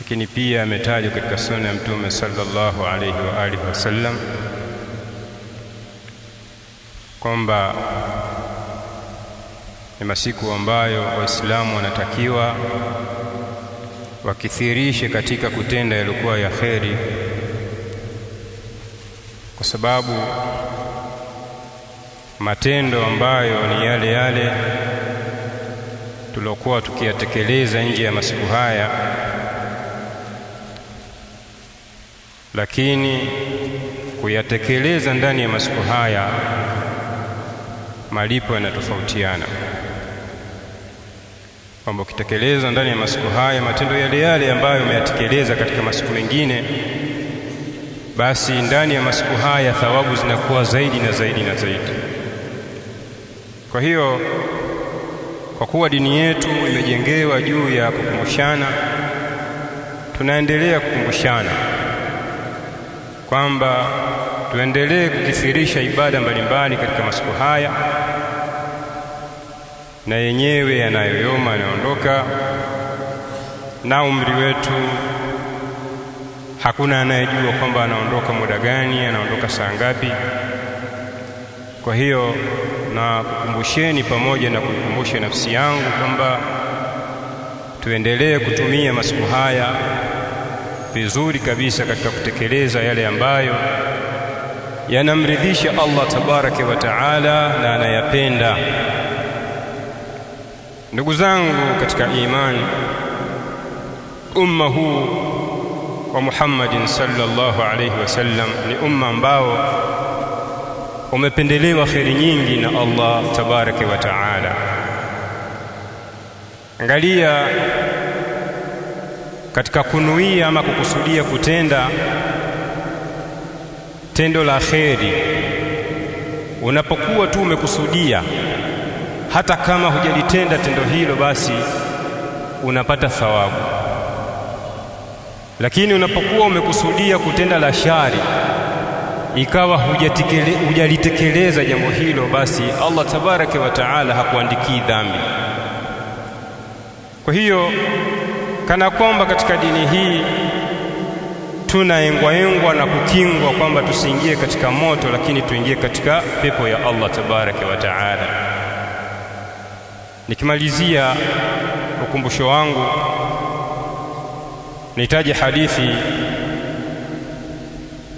lakini pia ametajwa katika sunna ya Mtume sallallahu alaihi wa alihi wasallam kwamba ni masiku ambayo Waislamu wanatakiwa wakithirishe katika kutenda yaliokuwa ya kheri, kwa sababu matendo ambayo ni yale yale tuliokuwa tukiyatekeleza nje ya masiku haya lakini kuyatekeleza ndani ya masiku haya malipo yanatofautiana, kwamba ukitekeleza ndani ya masiku haya matendo yale yale ambayo umeyatekeleza katika masiku mengine, basi ndani ya masiku haya thawabu zinakuwa zaidi na zaidi na zaidi. Kwa hiyo, kwa kuwa dini yetu imejengewa juu ya kukumbushana, tunaendelea kukumbushana kwamba tuendelee kukithirisha ibada mbalimbali katika masiku haya, na yenyewe yanayoyoma yanaondoka, na umri wetu hakuna anayejua kwamba anaondoka muda gani, anaondoka saa ngapi. Kwa hiyo na kukumbusheni pamoja na kuikumbusha nafsi yangu kwamba tuendelee kutumia masiku haya vizuri kabisa katika kutekeleza yale ambayo yanamridhisha Allah tabaraka wa taala na anayapenda. Ndugu zangu katika imani, umma huu wa Muhammadin sallallahu alaihi wasallam ni umma ambao umependelewa kheri nyingi na Allah tabaraka wa taala. Angalia katika kunuia ama kukusudia kutenda tendo la kheri, unapokuwa tu umekusudia, hata kama hujalitenda tendo hilo, basi unapata thawabu. Lakini unapokuwa umekusudia kutenda la shari, ikawa hujalitekeleza jambo hilo, basi Allah tabaraka wa taala hakuandikii dhambi. Kwa hiyo kana kwamba katika dini hii tunaengwaengwa na kukingwa kwamba tusiingie katika moto, lakini tuingie katika pepo ya Allah tabaraka wa taala. Nikimalizia ukumbusho wangu, nitaje hadithi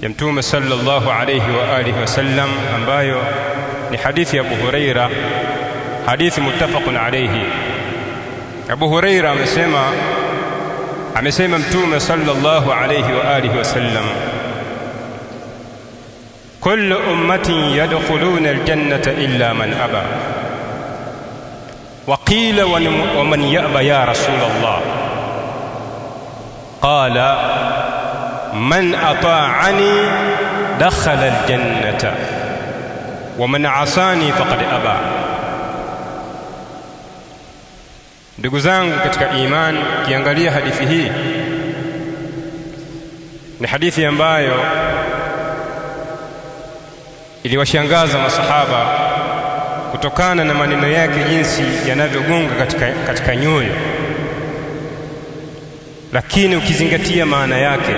ya Mtume sallallahu alayhi wa alihi wasallam ambayo ni hadithi ya Abu Huraira, hadithi muttafaqun alayhi. Abu Huraira amesema amesema mtume sallallahu alayhi wa alihi wasallam kullu ummatin yadkhuluna aljannata illa man aba wa qila wa man yaba ya rasulullah qala man ata'ani dakhala aljannata wa man asani faqad aba Ndugu zangu katika imani, ukiangalia hadithi hii ni hadithi ambayo iliwashangaza masahaba kutokana na maneno yake jinsi yanavyogonga katika, katika nyoyo, lakini ukizingatia maana yake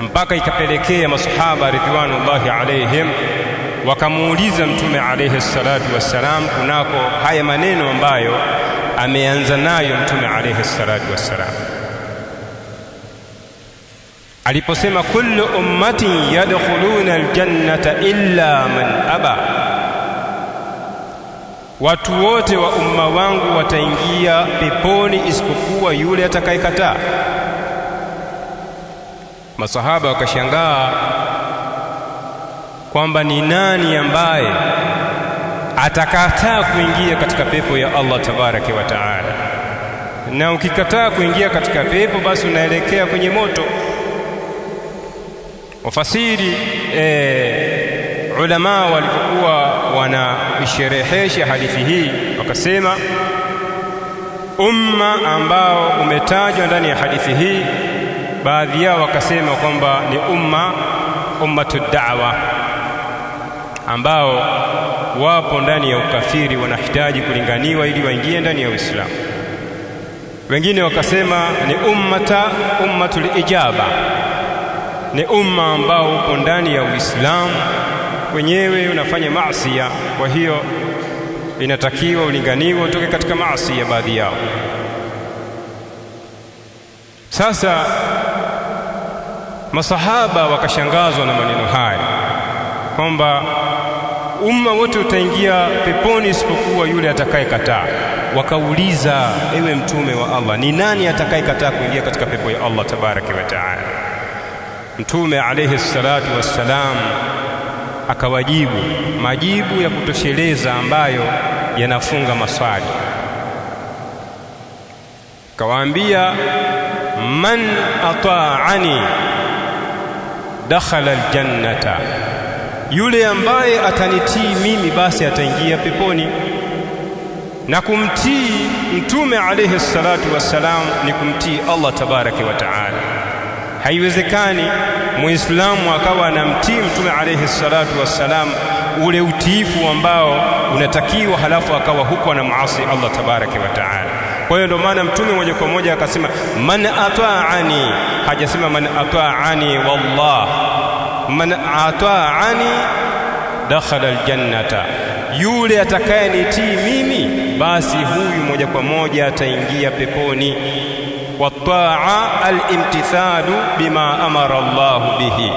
mpaka ikapelekea masahaba ridhwanullahi alaihim wakamuuliza Mtume alaihi salatu wassalam kunako haya maneno ambayo ameanza nayo Mtume alaihi salatu wassalam aliposema, kullu ummatin yadkhuluna aljannata illa man aba, watu wote wa umma wangu wataingia peponi isipokuwa yule atakayekataa. Masahaba wakashangaa kwamba ni nani ambaye atakataa kuingia katika pepo ya Allah tabaraka wa taala. Na ukikataa kuingia katika pepo, basi unaelekea kwenye moto. Wafasiri eh, ulama ulamaa walipokuwa wanaisherehesha hadithi hii wakasema, umma ambao umetajwa ndani ya hadithi hii, baadhi yao wakasema kwamba ni umma ummatu da'wa ambao wapo ndani ya ukafiri wanahitaji kulinganiwa ili waingie ndani ya Uislamu. Wengine wakasema ni ummata ummatul ijaba, ni umma ambao upo ndani ya Uislamu wenyewe unafanya maasi, kwa hiyo inatakiwa ulinganiwe utoke katika maasi ya baadhi yao. Sasa masahaba wakashangazwa na maneno haya kwamba umma wote utaingia peponi isipokuwa yule atakayekataa. Wakauliza, ewe mtume wa Allah, ni nani atakayekataa kuingia katika pepo ya Allah tabaraka wa taala? Mtume alayhi salatu wassalam akawajibu majibu ya kutosheleza ambayo yanafunga maswali. Kawaambia, man ata'ani dakhala aljannata yule ambaye atanitii mimi basi ataingia peponi. Na kumtii Mtume alayhi salatu wassalam ni kumtii Allah tabaraka wa taala. Haiwezekani Muislamu akawa anamtii Mtume alayhi salatu wassalam ule utiifu ambao unatakiwa, halafu akawa huko anamuasi Allah tabaraka wa taala. Kwa hiyo ndio maana Mtume moja kwa moja akasema man ataani, hajasema man ataani wallah man ataani dakhala aljannata, yule atakayenitii mimi basi huyu moja kwa moja ataingia peponi. Wataa alimtithalu bima amara Allahu bihi,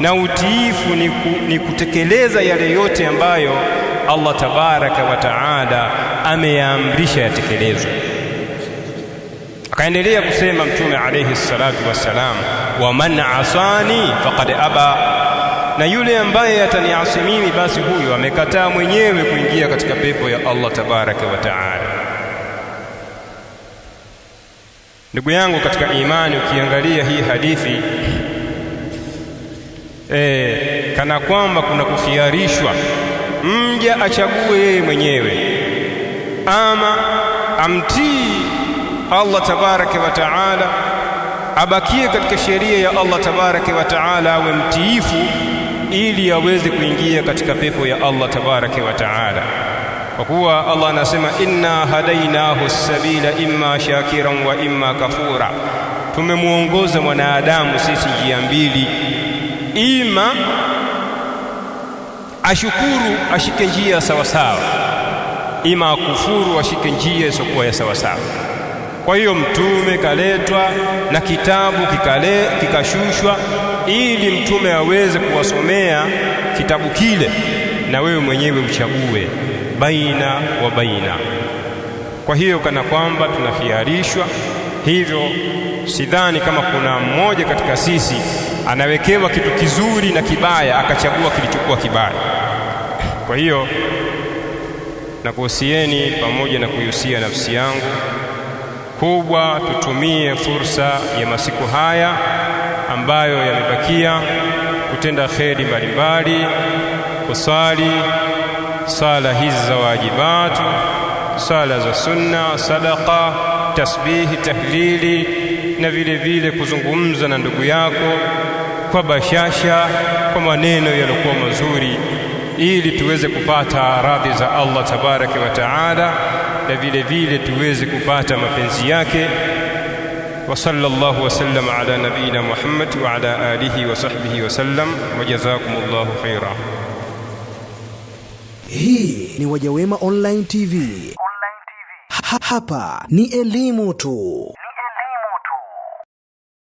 na utiifu ni, ku, ni kutekeleza yale yote ambayo Allah tabaraka wa taala ameyaamrisha yatekelezwe. Akaendelea kusema Mtume alaihi salatu wassalam, waman asani faqad aba, na yule ambaye ataniasi mimi, basi huyo amekataa mwenyewe kuingia katika pepo ya Allah tabaraka wa taala. Ndugu yangu katika imani, ukiangalia hii hadithi e, kana kwamba kuna kufiarishwa mja achague yeye mwenyewe ama amtii Allah tabaraka wa taala, abakie katika sheria ya Allah tabaraka wa taala, awe mtiifu ili aweze kuingia katika pepo ya Allah tabaraka wa taala, kwa kuwa Allah anasema inna hadainahu sabila imma shakiran wa imma kafura, tumemwongoza mwanadamu sisi njia mbili, ima ashukuru ashike njia sawasawa, ima akufuru ashike njia isiyokuwa ya sawasawa. Kwa hiyo mtume kaletwa na kitabu kikale, kikashushwa ili mtume aweze kuwasomea kitabu kile, na wewe mwenyewe uchague baina wa baina. Kwa hiyo kana kwamba tunafiarishwa hivyo, sidhani kama kuna mmoja katika sisi anawekewa kitu kizuri na kibaya akachagua kilichokuwa kibaya. Kwa hiyo nakuhusieni pamoja na kuihusia nafsi yangu kubwa tutumie fursa ya masiku haya ambayo yamebakia kutenda kheri mbalimbali, kusali sala hizi za wajibatu, sala za sunna, sadaka, tasbihi, tahlili na vile vile kuzungumza na ndugu yako kwa bashasha, kwa maneno yaliokuwa mazuri, ili tuweze kupata radhi za Allah tabaraka wa taala na vile vile tuweze kupata mapenzi yake. Wa sallallahu wa sallam ala nabina Muhammad wa ala alihi wa sahbihi wa sallam wa jazakumullahu khaira. Hii ni Wajawema Online TV. Online TV. Ha hapa ni elimu tu.